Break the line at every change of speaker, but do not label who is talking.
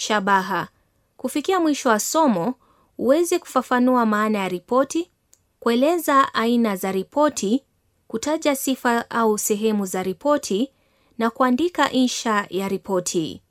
Shabaha: kufikia mwisho wa somo uweze kufafanua maana ya ripoti, kueleza aina za ripoti, kutaja sifa au sehemu za ripoti na kuandika insha ya ripoti.